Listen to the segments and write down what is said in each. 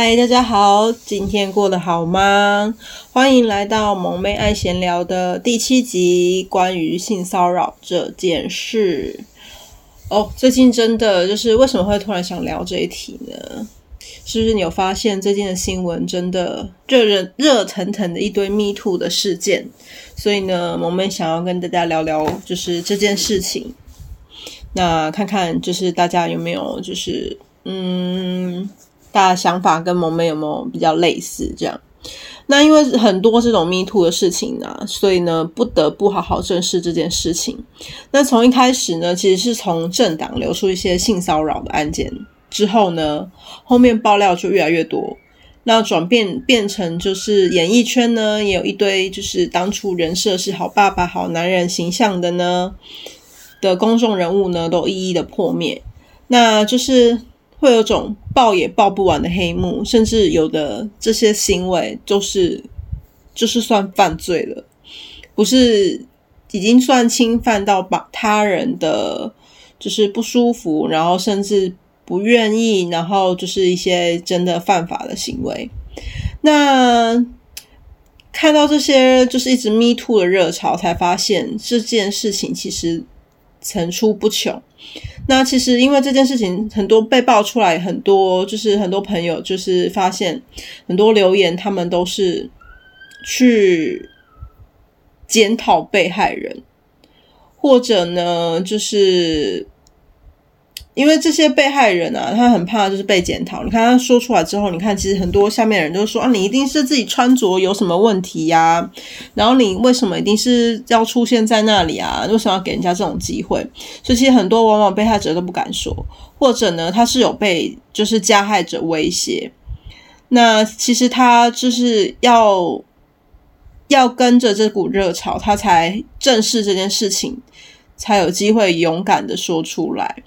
嗨，大家好，今天過得好嗎？歡迎來到萌咩愛閒聊的第七集，關於性騷擾這件事。哦，最近真的就是為什麼會突然想聊這一題呢？是不是你有發現最近的新聞真的熱熱熱騰騰的一堆 me too 的事件？所以呢，萌咩想要跟大家聊聊就是這件事情，那看看就是大家有沒有就是嗯。他的想法跟萌咩有沒有比較類似？這樣，那因為很多這種 me too 的事情啊，所以呢，不得不好好正視這件事情。那從一開始呢，其實是從政黨流出一些性騷擾的案件之後呢，後面爆料就越來越多。那轉變變成就是演藝圈呢，也有一堆就是當初人設是好爸爸、好男人形象的呢的公眾人物呢，都一一的破滅。那就是。會有種爆也爆不完的黑幕，甚至有的這些行為就是就是算犯罪了，不是已經算侵犯到把他人的就是不舒服，然後甚至不願意，然後就是一些真的犯法的行為。那看到這些就是一直 “me too” 的熱潮，才發現這件事情其實。層出不窮。那其實因為這件事情，很多被爆出來，很多就是很多朋友就是發現很多留言，他們都是去檢討被害人，或者呢，就是。因為這些被害人啊，他很怕就是被檢討。你看他說出來之後，你看其實很多下面人都說啊，你一定是自己穿着有什麼問題呀、啊，然後你為什麼一定是要出現在那裡啊？為什麼要給人家這種機會？所以其實很多往往被害者都不敢說，或者呢，他是有被就是加害者威脅。那其實他就是要要跟着這股熱潮，他才正視這件事情，才有機會勇敢的說出來。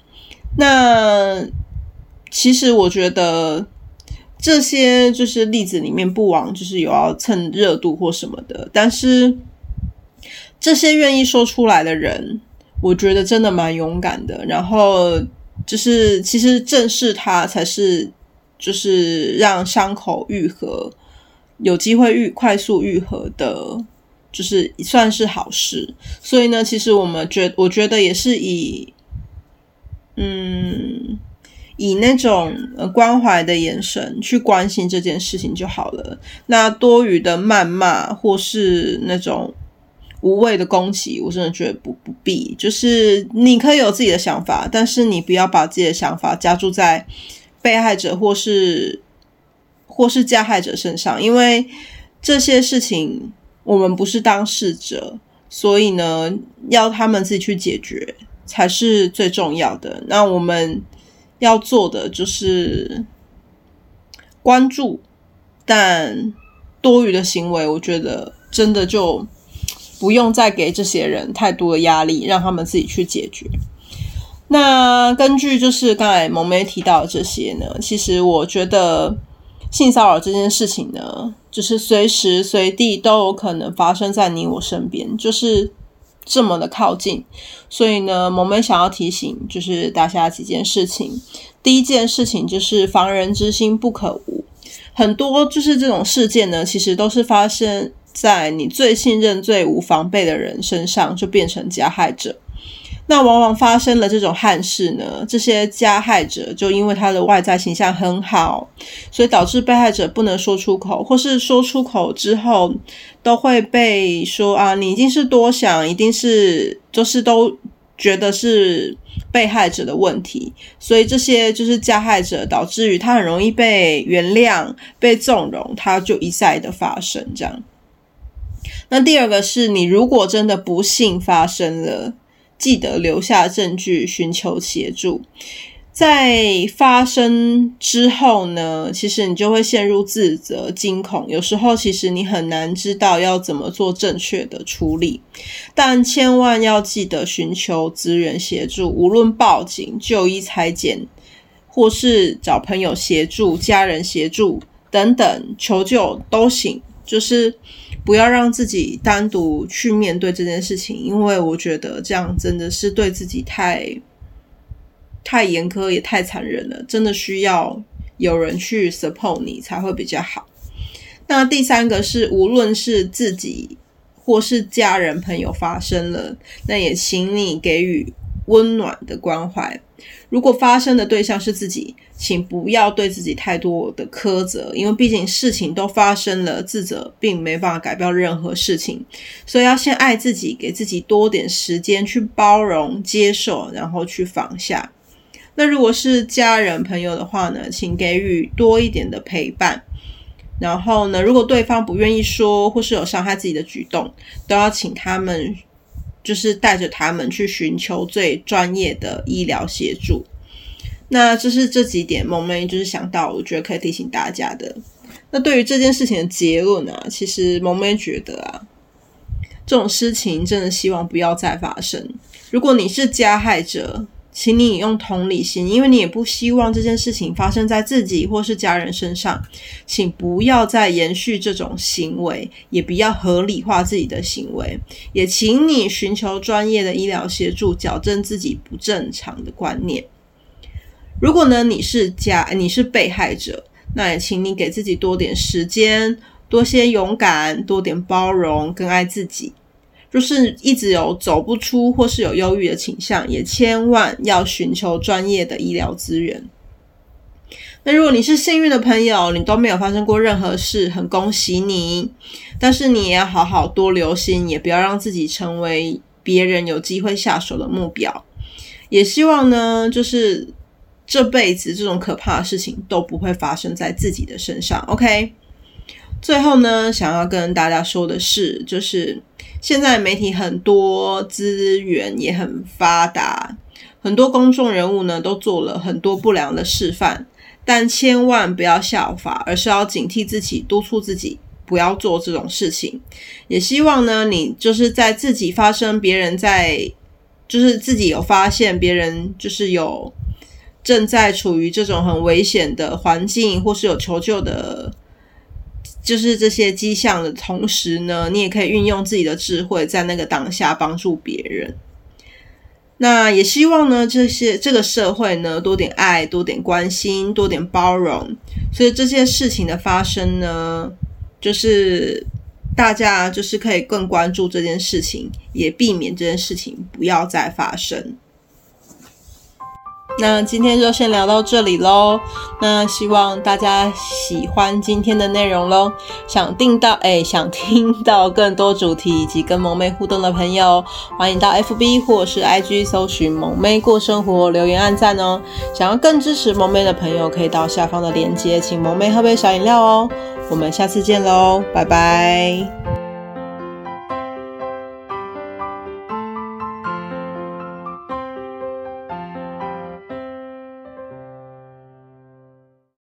那其實我覺得這些就是例子裡面不枉，就是有要蹭熱度或什麼的。但是這些願意說出來的人，我覺得真的蠻勇敢的。然後就是其實正視它才是就是讓傷口癒合，有機會愈快速癒合的，就是算是好事。所以呢，其實我們覺我覺得也是以。嗯，以那種、呃、關懷的眼神去關心這件事情就好了。那多餘的謾罵或是那種無謂的攻擊，我真的覺得不不必。就是你可以有自己的想法，但是你不要把自己的想法加注在被害者或是或是加害者身上，因為這些事情我們不是當事者，所以呢，要他們自己去解決。才是最重要的。那我們要做的就是關注，但多餘的行為，我覺得真的就不用再給這些人太多的壓力，讓他們自己去解決。那根據就是剛才萌咩提到的這些呢，其實我覺得性騷擾這件事情呢，就是隨時隨地都有可能發生在你我身邊，就是。這麼的靠近，所以呢，萌咩想要提醒就是大家幾件事情。第一件事情就是防人之心不可無，很多就是這種事件呢，其實都是發生在你最信任、最無防備的人身上，就變成加害者。那往往發生了這種憾事呢，這些加害者就因為他的外在形象很好，所以導致被害者不能說出口，或是說出口之後，都會被說啊，你一定是多想，一定是就是都覺得是被害者的問題。所以這些就是加害者導致於他很容易被原諒、被縱容，他就一再的發生這樣。那第二個是你如果真的不幸發生了。記得留下證據，尋求協助。在發生之後呢，其實你就會陷入自責、驚恐。有時候，其實你很難知道要怎麼做正確的處理。但千萬要記得尋求資源協助，無論報警、就醫、採檢，或是找朋友協助、家人協助等等，求救都行。就是不要讓自己單獨去面對這件事情，因為我覺得這樣真的是對自己太太嚴苛，也太殘忍了。真的需要有人去 support 你才會比較好。那第三個是，無論是自己或是家人朋友發生了，那也請你給予溫暖的關懷。如果發生的對象是自己，請不要對自己太多的苛責，因為畢竟事情都發生了，自責並沒辦法改變任何事情，所以要先愛自己，給自己多點時間去包容、接受，然後去放下。那如果是家人、朋友的話呢，請給予多一點的陪伴。然後呢，如果對方不願意說，或是有傷害自己的舉動，都要請他們。就是帶着他們去尋求最專業的醫療協助。那這是這幾點萌咩就是想到，我覺得可以提醒大家的。那對於這件事情的結論呢、啊，其實萌咩覺得啊，這種事情真的希望不要再發生。如果你是加害者，請你用同理心，因為你也不希望這件事情發生在自己或是家人身上，請不要再延續這種行為，也不要合理化自己的行為，也請你尋求專業的醫療協助，矯正自己不正常的觀念。如果呢，你是家，你是被害者，那也請你給自己多點時間，多些勇敢，多點包容，更愛自己。就是一直有走不出或是有憂鬱的傾向，也千萬要尋求專業的醫療資源。那如果你是幸運的朋友，你都沒有發生過任何事，很恭喜你。但是你也要好好多留心，也不要讓自己成為別人有機會下手的目標。也希望呢，就是這輩子這種可怕的事情都不會發生在自己的身上。OK。最後呢，想要跟大家說的是，就是現在媒體很多資源也很發達，很多公眾人物呢都做了很多不良的示範，但千萬不要效法，而是要警惕自己，督促自己不要做這種事情。也希望呢，你就是在自己發生，別人在就是自己有發現別人就是有正在處於這種很危險的環境，或是有求救的。就是這些跡象的同時呢，你也可以運用自己的智慧，在那個當下幫助別人。那也希望呢，這些這個社會呢，多點愛，多點關心，多點包容。所以這些事情的發生呢，就是大家就是可以更關注這件事情，也避免這件事情不要再發生。那今天就先聊到這裡嘍。那希望大家喜歡今天的內容嘍。想訂到誒、欸、想聽到更多主題以及跟萌咩互動的朋友，歡迎到 FB 或者是 IG 搜尋“萌咩過生活”留言按讚哦。想要更支持萌咩的朋友，可以到下方的鏈接，請萌咩喝杯小飲料哦。我們下次見嘍，拜拜。